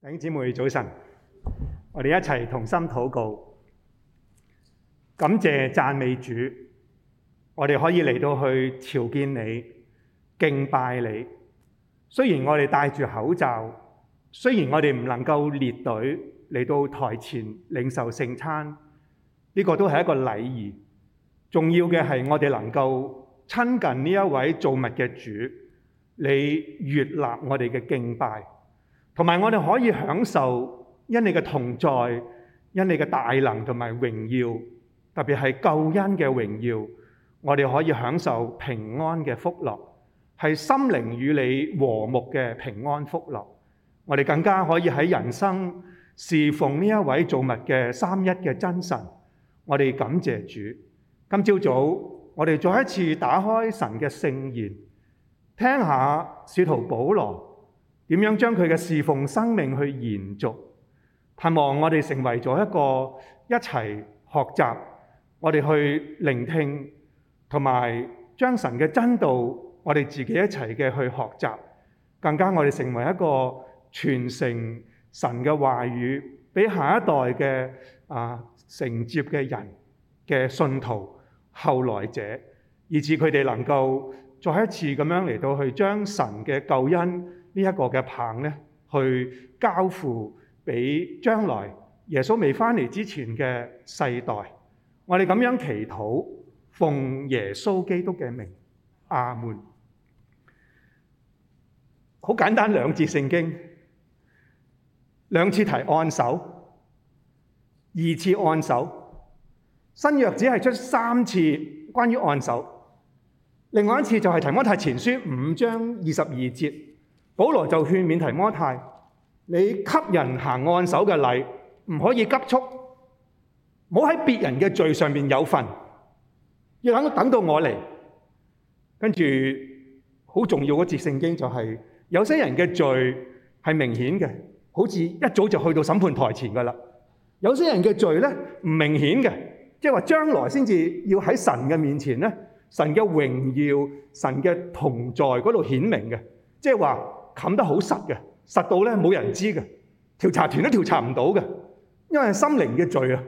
弟兄姊妹早晨，我哋一齊同心禱告，感謝讚美主，我哋可以嚟到去朝見你、敬拜你。雖然我哋戴住口罩，雖然我哋唔能夠列隊嚟到台前領受聖餐，呢個都係一個禮儀。重要嘅係我哋能夠親近呢一位造物嘅主，你悅納我哋嘅敬拜。同埋我哋可以享受因你嘅同在，因你嘅大能同埋榮耀，特別係救恩嘅榮耀，我哋可以享受平安嘅福樂，係心靈與你和睦嘅平安福樂。我哋更加可以喺人生侍奉呢一位造物嘅三一嘅真神，我哋感謝主。今朝早我哋再一次打開神嘅聖言，聽下使徒保羅。點樣將佢嘅事奉生命去延續？盼望我哋成為咗一個一齊學習，我哋去聆聽，同埋將神嘅真道，我哋自己一齊嘅去學習，更加我哋成為一個傳承神嘅話語，俾下一代嘅啊承接嘅人嘅信徒後來者，以至佢哋能夠再一次咁樣嚟到去將神嘅救恩。呢一個嘅棒咧，去交付俾將來耶穌未翻嚟之前嘅世代。我哋咁樣祈禱，奉耶穌基督嘅名，阿門。好簡單兩節聖經，兩次提按手，二次按手。新約只係出三次關於按手，另外一次就係提摩太前書五章二十二節。保羅就勸勉提摩太：你給人行按手嘅禮唔可以急促，唔好喺別人嘅罪上面有份，要等等到我嚟。跟住好重要嗰節聖經就係：有些人嘅罪係明顯嘅，好似一早就去到審判台前㗎喇；有些人嘅罪呢唔明顯嘅，即係話將來先至要喺神嘅面前呢，神嘅榮耀、神嘅同在嗰度顯明嘅，即係話。冚得好實嘅，實到咧冇人知嘅，調查團都調查唔到嘅，因為係心靈嘅罪啊。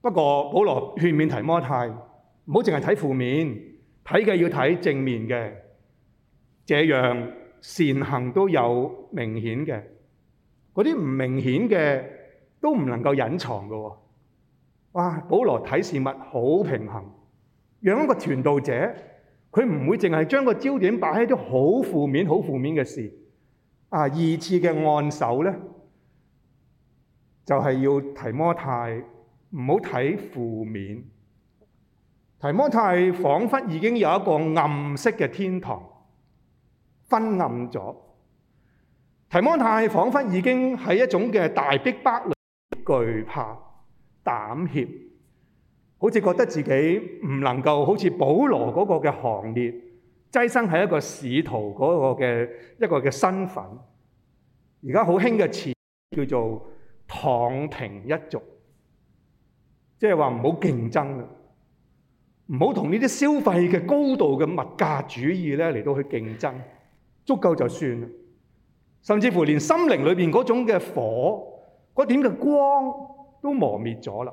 不過保羅勸勉提摩太，唔好淨係睇負面，睇嘅要睇正面嘅，這樣善行都有明顯嘅，嗰啲唔明顯嘅都唔能夠隱藏嘅。哇！保羅睇事物好平衡，養一個傳道者。佢唔會淨係將個焦點擺喺啲好負面、好負面嘅事。啊，二次嘅按手呢，就係要提摩太唔好睇負面。提摩太仿佛已經有一個暗色嘅天堂昏暗咗。提摩太仿佛已經係一種嘅大逼迫裏懼怕膽怯。好似覺得自己唔能夠好似保羅嗰個嘅行列，躋身喺一個使徒嗰個嘅一個嘅身份。而家好興嘅詞叫做躺平一族，即係話唔好競爭，唔好同呢啲消費嘅高度嘅物價主義咧嚟到去競爭，足夠就算啦。甚至乎連心靈裏面嗰種嘅火，嗰點嘅光都磨滅咗啦。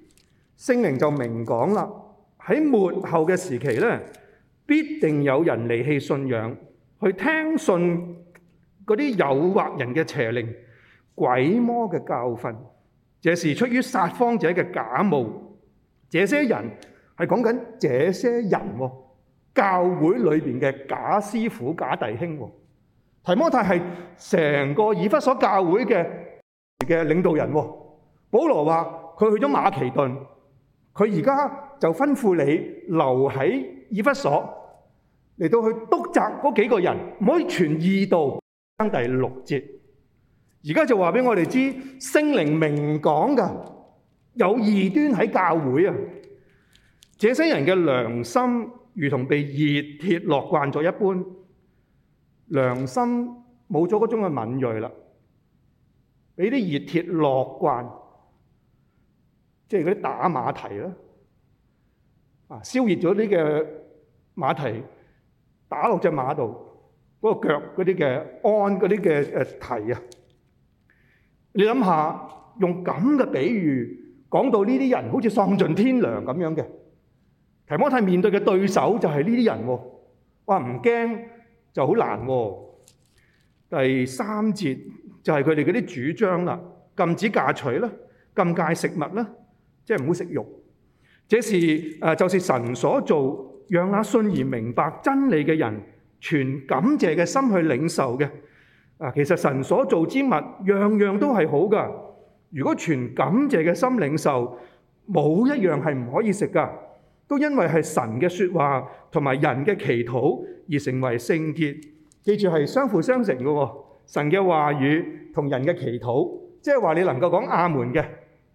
聖靈就明講啦，喺末後嘅時期咧，必定有人離棄信仰，去聽信嗰啲誘惑人嘅邪靈、鬼魔嘅教訓，這是出於撒謊者嘅假冒。這些人係講緊這些人喎，教會裏面嘅假師傅、假弟兄喎。提摩太係成個以弗所教會嘅嘅領導人喎。保羅話佢去咗馬其頓。佢而家就吩咐你留喺以弗所嚟到去督責嗰幾個人，唔可以傳異道。第六節，而家就話俾我哋知，聖靈明講㗎有異端喺教會啊！這些人嘅良心如同被熱鐵烙慣咗一般，良心冇咗嗰種嘅敏銳啦，俾啲熱鐵烙慣。即係嗰啲打馬蹄啦，啊，燒熱咗啲嘅馬蹄，打落隻馬度嗰個腳嗰啲嘅鞍嗰啲嘅蹄啊！你諗下，用咁嘅比喻講到呢啲人好似喪盡天良咁樣嘅，提摩太面對嘅對手就係呢啲人喎，哇，唔驚就好難喎！第三節就係佢哋嗰啲主張啦，禁止嫁娶啦，禁戒食物啦。即係唔好食肉，這是，就是神所做，讓那信而明白真理嘅人，全感謝嘅心去領受嘅。啊，其實神所做之物，樣樣都係好噶。如果全感謝嘅心領受，冇一樣係唔可以食噶。都因為係神嘅說話同埋人嘅祈禱而成為聖潔。記住係相輔相成嘅喎，神嘅話語同人嘅祈禱，即係話你能夠講阿門嘅。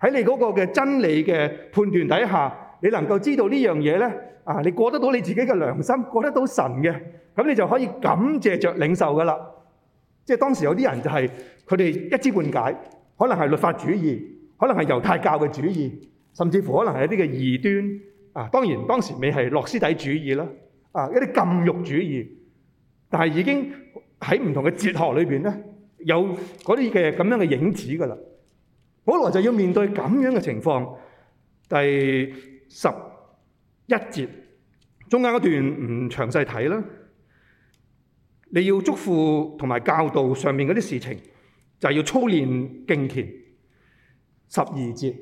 喺你嗰個嘅真理嘅判斷底下，你能夠知道呢樣嘢咧，啊，你過得到你自己嘅良心，過得到神嘅，咁你就可以感謝着領受噶啦。即係當時有啲人就係佢哋一知半解，可能係律法主義，可能係猶太教嘅主義，甚至乎可能係一啲嘅異端啊。當然當時未係諾斯底主義啦，啊，一啲禁欲主義，但係已經喺唔同嘅哲學裏邊咧，有嗰啲嘅咁樣嘅影子噶啦。保羅就要面對咁樣嘅情況，第十一節中間嗰段唔詳細睇啦。你要囑咐同埋教導上面嗰啲事情，就係要操練敬虔。十二節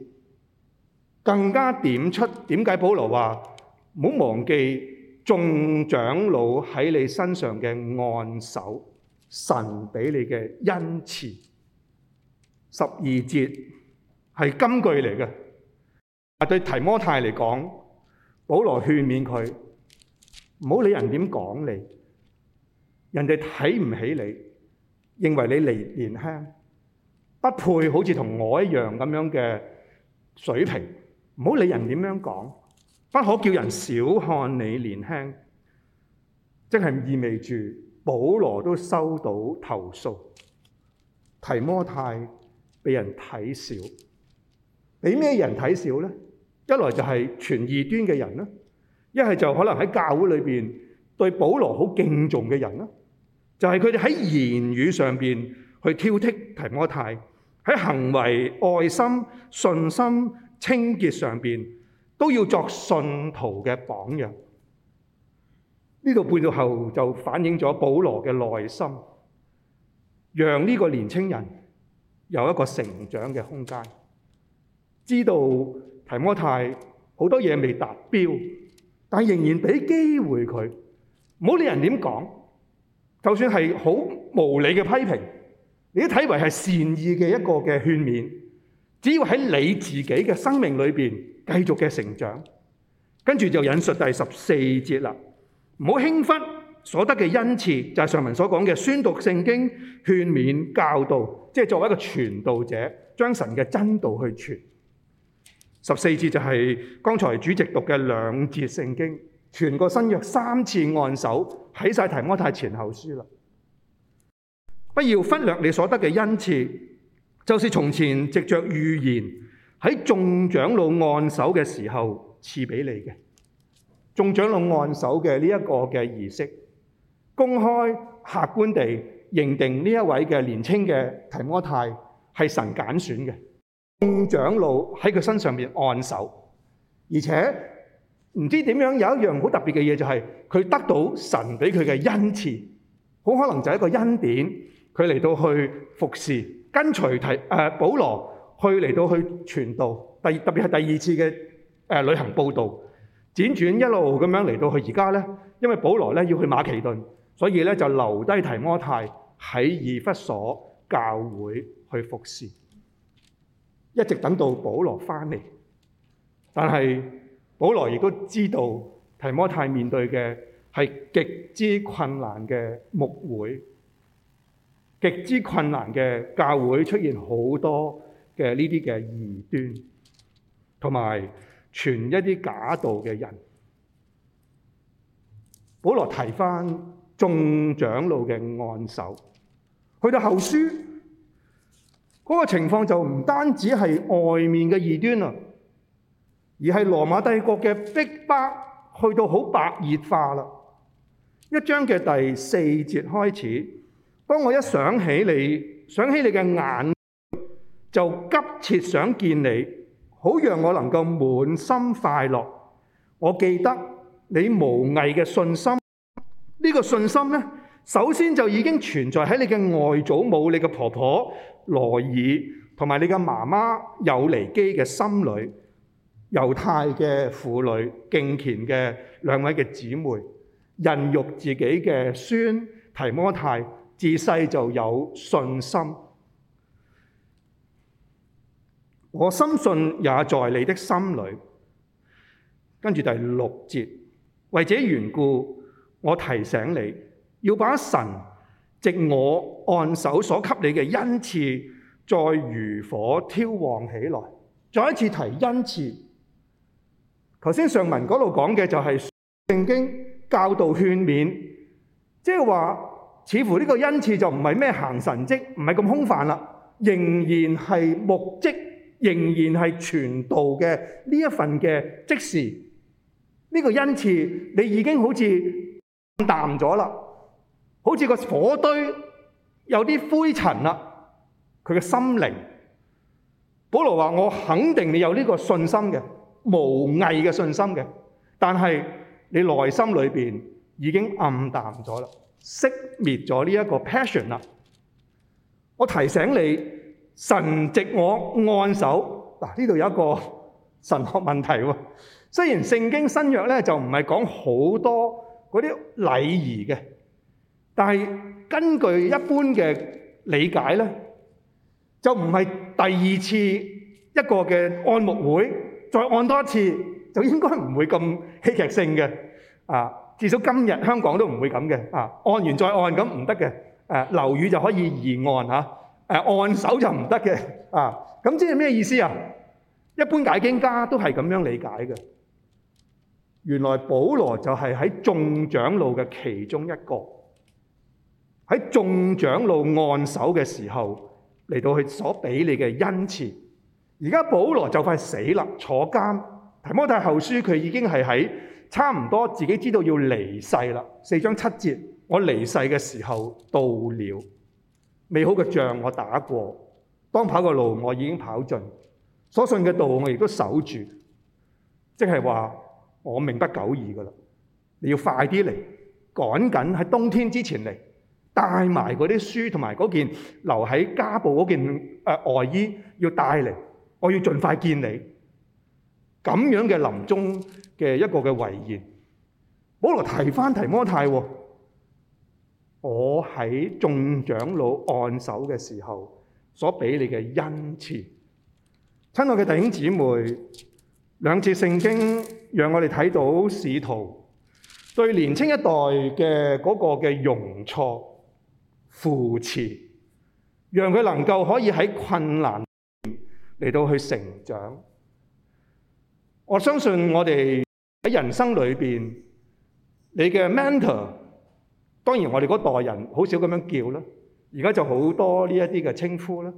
更加點出點解保羅話唔好忘記眾長老喺你身上嘅按手，神畀你嘅恩賜。十二節。係金句嚟嘅。對提摩太嚟講，保羅勸勉佢：唔好理人點講你，人哋睇唔起你，認為你年年輕，不配好似同我一樣咁樣嘅水平。唔好理人點樣講，不可叫人小看你年輕。即係意味住保羅都收到投訴，提摩太畀人睇小。俾咩人睇少呢？一來就係傳異端嘅人啦，一係就可能喺教會裏面對保羅好敬重嘅人啦。就係佢哋喺言語上面去挑剔提摩太，喺行為、愛心、信心、清潔上面都要作信徒嘅榜樣。呢度背到後就反映咗保羅嘅內心，讓呢個年青人有一個成長嘅空間。知道提摩太好多嘢未達標，但仍然俾機會佢，唔好理人點講。就算係好無理嘅批評，你都睇為係善意嘅一個嘅勸勉。只要喺你自己嘅生命裏面繼續嘅成長，跟住就引述第十四節啦。唔好輕忽所得嘅恩賜，就係上文所講嘅宣讀聖經、勸勉教導，即係作為一個傳道者，將神嘅真道去傳。十四節就係剛才主席讀嘅兩節聖經，全個新約三次按手喺曬提摩太前後書啦。不要忽略你所得嘅恩賜，就是從前藉着預言喺眾長老按手嘅時候賜給你嘅。眾長老按手嘅呢一個嘅儀式，公開客觀地認定呢一位嘅年輕嘅提摩太係神揀選嘅。眾長老喺佢身上面按手，而且唔知點樣有一樣好特別嘅嘢，就係佢得到神俾佢嘅恩賜，好可能就係一個恩典，佢嚟到去服侍，跟隨提誒、呃、保羅去嚟到去傳道，第特別係第二次嘅誒、呃、旅行報道，輾轉一路咁樣嚟到去而家咧，因為保羅咧要去馬其頓，所以咧就留低提摩太喺以弗所教會去服侍。一直等到保羅返嚟，但係保羅亦都知道提摩太面對嘅係極之困難嘅牧會，極之困難嘅教會出現好多嘅呢啲嘅異端，同埋傳一啲假道嘅人。保羅提翻眾長老嘅按手，去到後書。嗰、那個情況就唔單止係外面嘅異端啊，而係羅馬帝國嘅逼迫去到好白熱化啦。一章嘅第四節開始，當我一想起你，想起你嘅眼，就急切想見你，好讓我能夠滿心快樂。我記得你無偽嘅信心，呢、這個信心呢。首先就已經存在喺你嘅外祖母、你嘅婆婆羅以，同埋你嘅媽媽友尼基嘅心裏。猶太嘅婦女敬虔嘅兩位嘅姊妹，孕育自己嘅孫提摩太，自細就有信心。我深信也在你的心裏。跟住第六節，為這緣故，我提醒你。要把神藉我按手所給你嘅恩賜，再如火挑旺起來。再一次提恩賜。頭先上文嗰度講嘅就係聖經教導勸勉，即係話，似乎呢個恩賜就唔係咩行神蹟，唔係咁空泛啦，仍然係牧職，仍然係傳道嘅呢一份嘅職事。呢、這個恩賜你已經好似淡咗好似個火堆有啲灰塵啦，佢嘅心靈。保羅話：我肯定你有呢個信心嘅無偽嘅信心嘅，但係你內心裏面已經暗淡咗啦，熄滅咗呢一個 passion 啦。我提醒你，神藉我按手嗱，呢度啊有一個神學問題喎。雖然聖經新約呢就唔係講好多嗰啲禮儀嘅。但是根據一般嘅理解呢就唔係第二次一個嘅按牧會再按多一次，就應該唔會咁戲劇性嘅啊！至少今日香港都唔會咁嘅啊！按完再按咁唔得嘅，誒樓宇就可以二按、啊、按手就唔得嘅啊！咁即係咩意思啊？一般解經家都係咁樣理解嘅。原來保羅就係喺眾長老嘅其中一個。喺眾長老按手嘅時候嚟到佢所俾你嘅恩賜。而家保羅就快死啦，坐監。提摩太後書佢已經係喺差唔多自己知道要離世啦。四章七節，我離世嘅時候到了，美好嘅仗我打過，當跑嘅路我已經跑盡，所信嘅道我亦都守住。即係話我命不久矣㗎啦，你要快啲嚟，趕緊喺冬天之前嚟。帶埋嗰啲書同埋嗰件留喺加布嗰件誒外衣，要帶嚟，我要盡快見你。咁樣嘅臨終嘅一個嘅遺言，保羅提翻提摩太，我喺眾長老按手嘅時候所俾你嘅恩賜。親愛嘅弟兄姊妹，兩次聖經讓我哋睇到使徒對年青一代嘅嗰個嘅容錯，扶持，讓佢能夠可以喺困難裏嚟到去成長。我相信我哋喺人生裏面，你嘅 mentor，當然我哋嗰代人好少咁樣叫啦，而家就好多呢一啲嘅稱呼啦。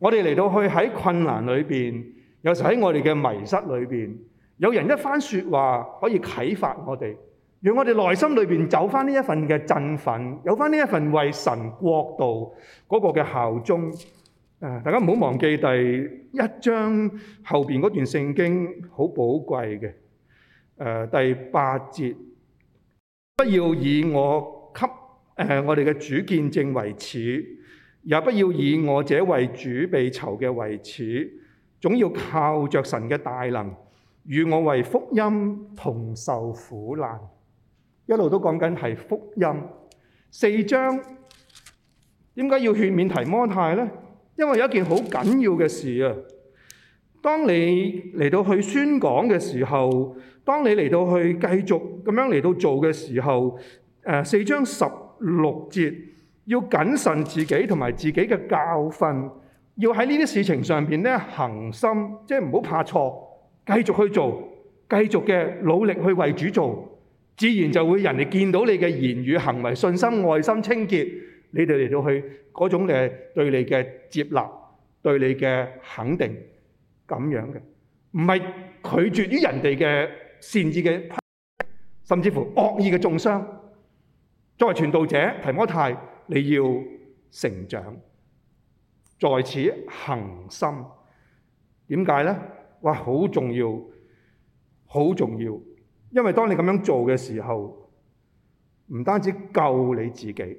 我哋嚟到去喺困難裏面，有時喺我哋嘅迷失裏面，有人一番說話可以啟發我哋。讓我哋內心裏面走返呢一份嘅振奮，有返呢一份為神國度嗰個嘅效忠。大家唔好忘記第一章後面嗰段聖經好寶貴嘅、呃。第八節， 不要以我給、呃、我哋嘅主見證為恥，也不要以我這為主被囚嘅為恥，總要靠着神嘅大能，與我為福音同受苦難。一路都講緊係福音四章，點解要勸勉提摩太呢？因為有一件好緊要嘅事啊！當你嚟到去宣講嘅時候，當你嚟到去繼續咁樣嚟到做嘅時候，誒四章十六節要謹慎自己同埋自己嘅教訓，要喺呢啲事情上邊咧恒心，即係唔好怕錯，繼續去做，繼續嘅努力去為主做。自然就會人哋見到你的言語行為、信心、愛心、清潔，你哋嚟到去，那種對你的接納，對你的肯定，咁樣嘅。唔係，拒絕於人哋嘅善意的，甚至乎惡意的中傷，作為傳道者，提摩太，你要成長，在此恆心。點解呢？哇，好重要，好重要。因為當你咁樣做嘅時候，唔單止救你自己，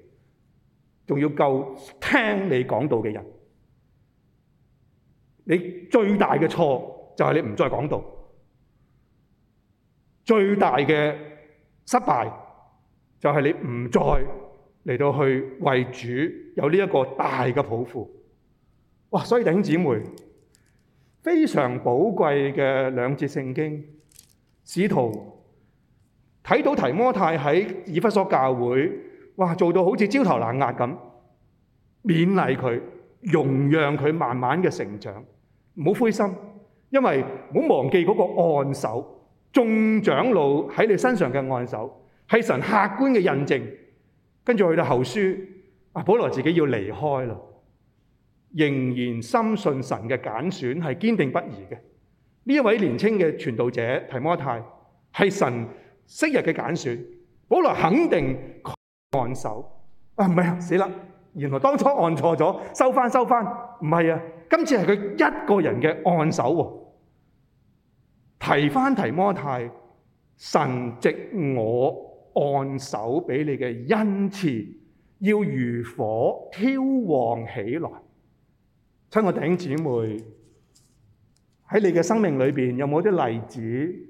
仲要救聽你講道嘅人。你最大嘅錯就係你唔再講道，最大嘅失敗就係你唔再嚟到去為主有呢一個大嘅抱負。哇！所以弟兄姊妹，非常寶貴嘅兩節聖經，使徒。睇到提摩太喺以弗所教會，哇，做到好似焦頭爛額咁，勉勵佢，容讓佢慢慢嘅成長，唔好灰心，因為唔好忘記嗰個按手，眾長老喺你身上嘅按手，係神客觀嘅印證。跟住去到後書，阿保羅自己要離開啦，仍然深信神嘅揀選係堅定不移嘅。呢一位年青嘅傳道者提摩太，係神。昔日嘅揀選，保羅肯定，定按手。啊，唔係，死啦！原來當初按錯咗，收返收返。唔係啊，今次係佢一個人嘅按手喎。提返提摩太，神藉我按手俾你嘅恩賜，要如火挑旺起來。親我弟兄姊妹，喺你嘅生命裏面，有冇啲例子？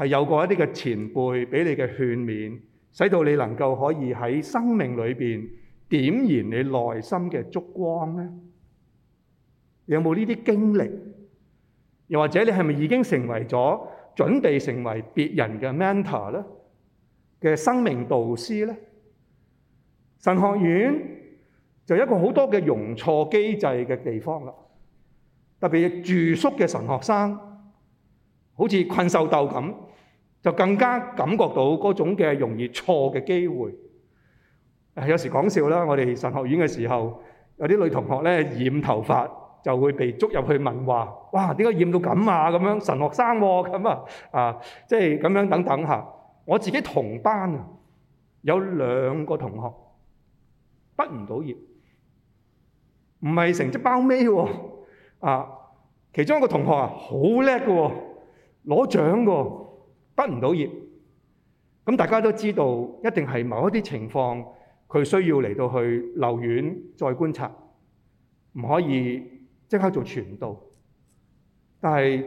係有過一啲嘅前輩俾你嘅勸勉，使到你能夠可以喺生命裏面點燃你內心嘅燭光咧。有冇呢啲經歷？又或者你係咪已經成為咗準備成為別人嘅 mentor 咧嘅生命導師咧？神學院就一個好多嘅容錯機制嘅地方啦，特別係住宿嘅神學生，好似困獸鬥咁。就更加感覺到嗰種嘅容易錯嘅機會。有時講笑啦，我哋神學院嘅時候，有啲女同學呢，染頭髮就會被捉入去問話，哇！點解染到咁啊？咁樣神學生喎，咁啊，即係咁樣等等下。我自己同班啊，有兩個同學畢唔到業，唔係成績包尾喎。啊，其中一個同學啊，好叻嘅，攞獎嘅。翻唔到業，咁大家都知道，一定係某一啲情況，佢需要嚟到去留院再觀察，唔可以即刻做傳道。但係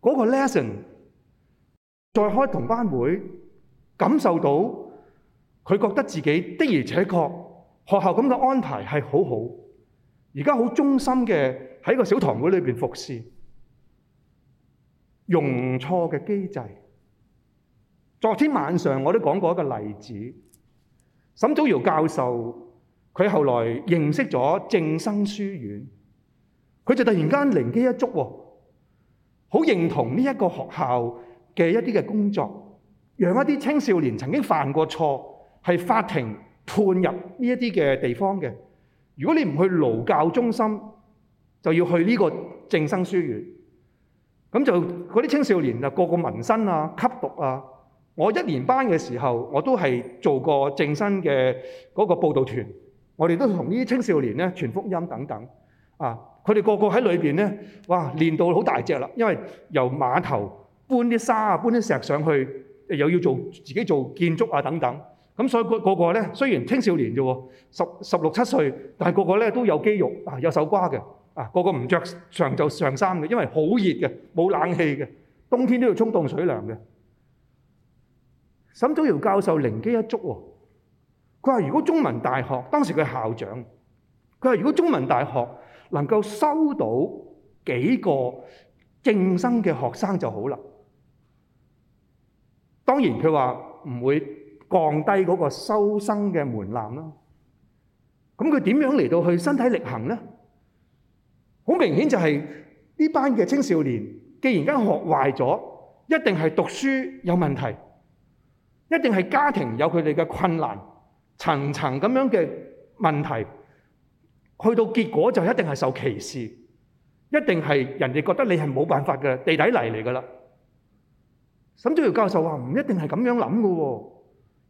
嗰個 lesson 再開同班會，感受到佢覺得自己的而且確學校咁嘅安排係好好，而家好忠心嘅喺個小堂會裏面服侍。容錯嘅機制。昨天晚上我都講過一個例子，沈祖堯教授佢後來認識咗正生書院，佢就突然間靈機一觸，好認同呢一個學校嘅一啲嘅工作，讓一啲青少年曾經犯過錯，係法庭判入呢一啲嘅地方嘅。如果你唔去勞教中心，就要去呢個正生書院。咁就嗰啲青少年啊，個個紋身啊、吸毒啊。我一年班嘅時候，我都係做過正身嘅嗰個報導團。我哋都同啲青少年咧傳福音等等。啊，佢哋個個喺裏邊咧，哇，練到好大隻啦！因為由碼頭搬啲沙啊、搬啲石上去，又要做自己做建築啊等等。咁所以個個咧雖然青少年啫，十十六七歲，但係個個咧都有肌肉啊，有手瓜嘅。啊！個個唔着長袖上衫嘅，因為好熱嘅，冇冷氣嘅，冬天都要沖凍水涼嘅。沈祖堯教授靈機一觸喎，佢話：如果中文大學當時佢係校長，佢話如果中文大學能夠收到幾個正生嘅學生就好啦。當然佢話唔會降低嗰個收生嘅門檻啦。咁佢點樣嚟到去身體力行咧？好明顯就係呢班嘅青少年，既然而家學壞咗，一定係讀書有問題，一定係家庭有佢哋嘅困難，層層咁樣嘅問題，去到結果就一定係受歧視，一定係人哋覺得你係冇辦法嘅地底泥嚟㗎喇。沈祖堯教授話：唔一定係咁樣諗㗎喎，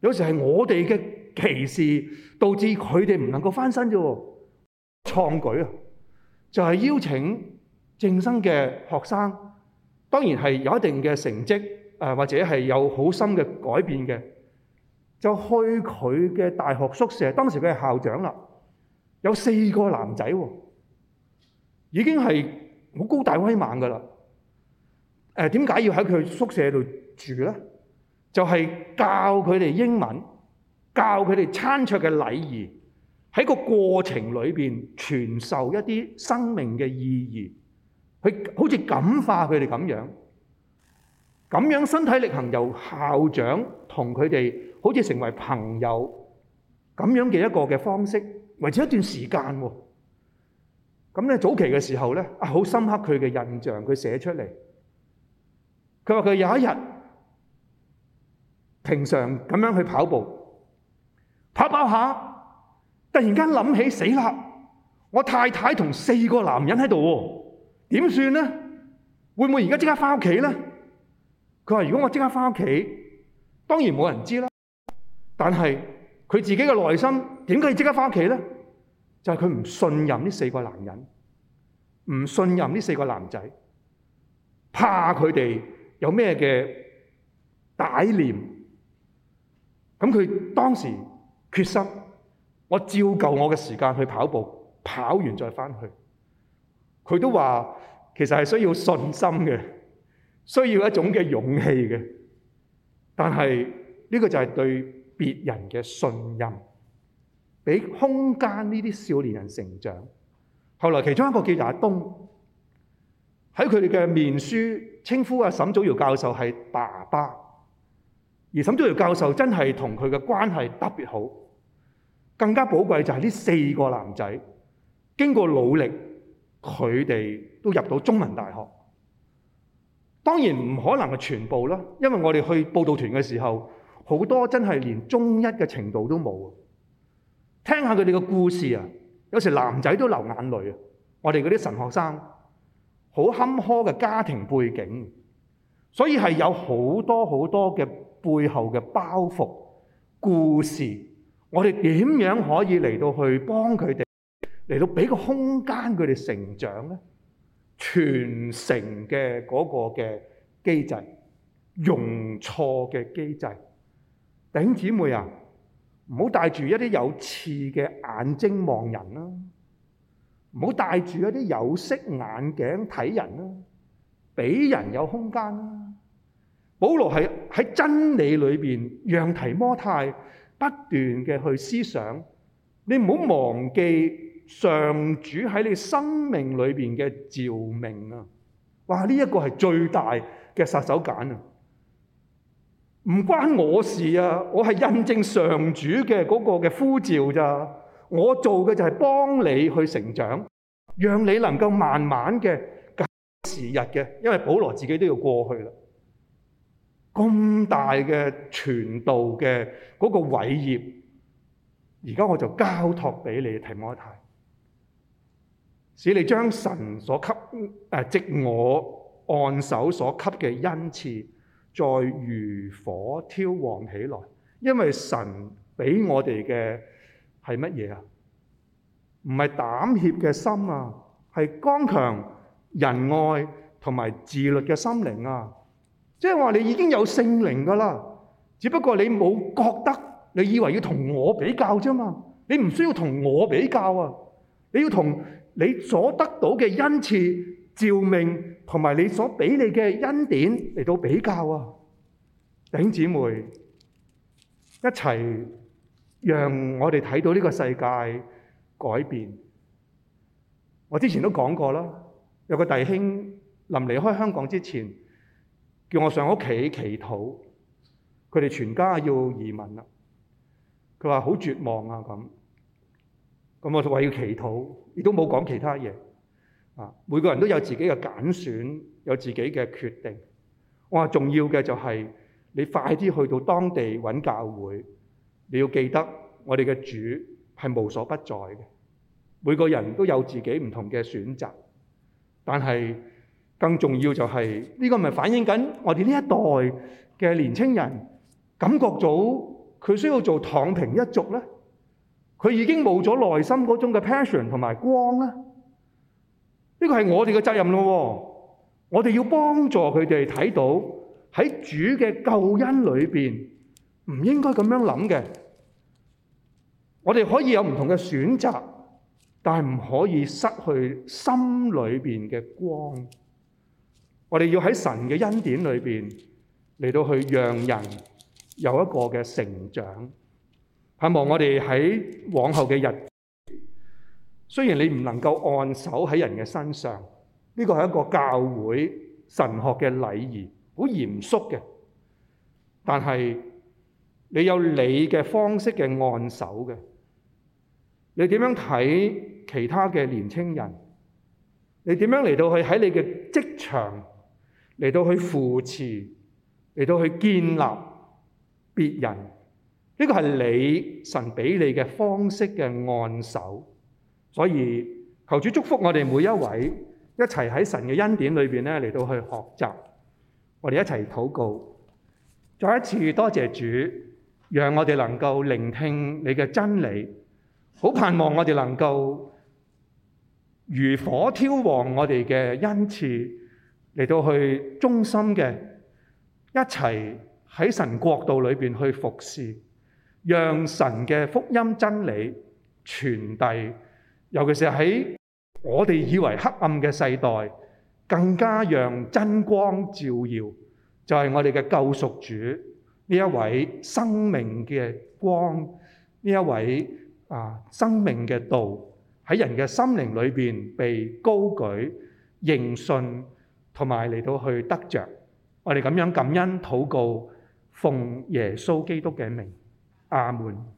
有時係我哋嘅歧視導致佢哋唔能夠翻身喎，創舉啊！就係、是、邀請正生嘅學生，當然係有一定嘅成績，或者係有好深嘅改變嘅，就去佢嘅大學宿舍。當時佢係校長啦，有四個男仔喎，已經係好高大威猛㗎喇。誒，點解要喺佢宿舍度住呢？就係、是、教佢哋英文，教佢哋餐桌嘅禮儀。喺個過程裏邊傳授一啲生命嘅意義，去好似感化佢哋咁樣，咁樣身體力行由校長同佢哋好似成為朋友咁樣嘅一個嘅方式，維持一段時間喎。咁呢早期嘅時候呢，啊好深刻佢嘅印象，佢寫出嚟。佢話佢有一日平常咁樣去跑步，跑跑下。突然間諗起死啦！我太太同四個男人喺度喎，點算呢？會唔會而家即刻返屋企呢？佢話：如果我即刻返屋企，當然冇人知啦。但係佢自己嘅內心點解要即刻返屋企呢？就係佢唔信任呢四個男人，唔信任呢四個男仔，怕佢哋有咩嘅歹念。咁佢當時決心。我照舊我嘅時間去跑步，跑完再返去。佢都話，其實係需要信心嘅，需要一種嘅勇氣嘅。但係呢個就係對別人嘅信任，俾空間呢啲少年人成長。後來其中一個叫做阿東，喺佢哋嘅面書稱呼阿沈祖堯教授係爸爸，而沈祖堯教授真係同佢嘅關係特別好。更加寶貴就係呢四個男仔，經過努力，佢哋都入到中文大學。當然唔可能係全部啦，因為我哋去報道團嘅時候，好多真係連中一嘅程度都冇。聽下佢哋嘅故事啊，有時男仔都流眼淚啊！我哋嗰啲神學生，好坎坷嘅家庭背景，所以係有好多好多嘅背後嘅包袱故事。我哋點樣可以嚟到去幫佢哋，嚟到俾個空間佢哋成長咧？傳承嘅嗰個嘅機制，容錯嘅機制，弟兄姊妹啊，唔好戴住一啲有刺嘅眼睛望人啦，啊，唔好戴住一啲有色眼鏡睇人啦，啊，俾人有空間啦，啊。保羅喺喺真理裏邊，讓提摩太。不斷嘅去思想，你唔好忘記上主喺你生命裏面嘅照明啊！哇，呢一個係最大嘅殺手鐧啊！唔關我事啊，我係印證上主嘅嗰個嘅呼召咋，我做嘅就係幫你去成長，讓你能夠慢慢嘅時日嘅，因為保羅自己都要過去了。咁大嘅傳道嘅嗰個偉業，而家我就交託俾你，提摩太，使你將神所給誒即我按手所給嘅恩賜，再如火挑旺起來。因為神俾我哋嘅係乜嘢啊？唔係膽怯嘅心啊，係剛強、仁愛同埋自律嘅心靈啊！即係話你已經有聖靈㗎啦，只不過你冇覺得，你以為要同我比較啫嘛？你唔需要同我比較啊！你要同你所得到嘅恩賜、召命同埋你所畀你嘅恩典嚟到比較啊！弟兄姊妹一齊讓我哋睇到呢個世界改變。我之前都講過啦，有個弟兄臨離開香港之前。叫我上屋企祈禱，佢哋全家要移民啦。佢話好絕望啊咁，咁我話要祈禱，亦都冇講其他嘢啊。每個人都有自己嘅揀選，有自己嘅決定。我話重要嘅就係你快啲去到當地揾教會。你要記得，我哋嘅主係無所不在嘅。每個人都有自己唔同嘅選擇，但係。更重要就係、是、呢、這個唔係反映緊我哋呢一代嘅年青人感覺到佢需要做躺平一族咧，佢已經冇咗內心嗰種嘅 passion 同埋光咧。呢個係我哋嘅責任咯，我哋要幫助佢哋睇到喺主嘅救恩裏邊唔應該咁樣諗嘅。我哋可以有唔同嘅選擇，但係唔可以失去心裏邊嘅光。我哋要喺神嘅恩典裏邊嚟到去讓人有一個嘅成長，盼望我哋喺往後嘅日子，雖然你唔能夠按手喺人嘅身上，呢個係一個教會神學嘅禮儀，好嚴肅嘅，但係你有你嘅方式嘅按手嘅，你點樣睇其他嘅年青人？你點樣嚟到去喺你嘅職場？嚟到去扶持，嚟到去建立別人，呢個係你神俾你嘅方式嘅按手。所以求主祝福我哋每一位，一齊喺神嘅恩典裏邊咧嚟到去學習，我哋一齊禱告。再一次多謝主，讓我哋能夠聆聽你嘅真理，好盼望我哋能夠如火挑旺我哋嘅恩賜。嚟到去忠心嘅，一齊喺神國度裏邊去服侍，讓神嘅福音真理傳遞，尤其是喺我哋以為黑暗嘅世代，更加讓真光照耀，就係我哋嘅救贖主呢一位生命嘅光，呢一位啊生命嘅道喺人嘅心靈裏邊被高舉，認信。同埋嚟到去得着，我哋咁樣感恩、禱告、奉耶穌基督嘅名，阿門。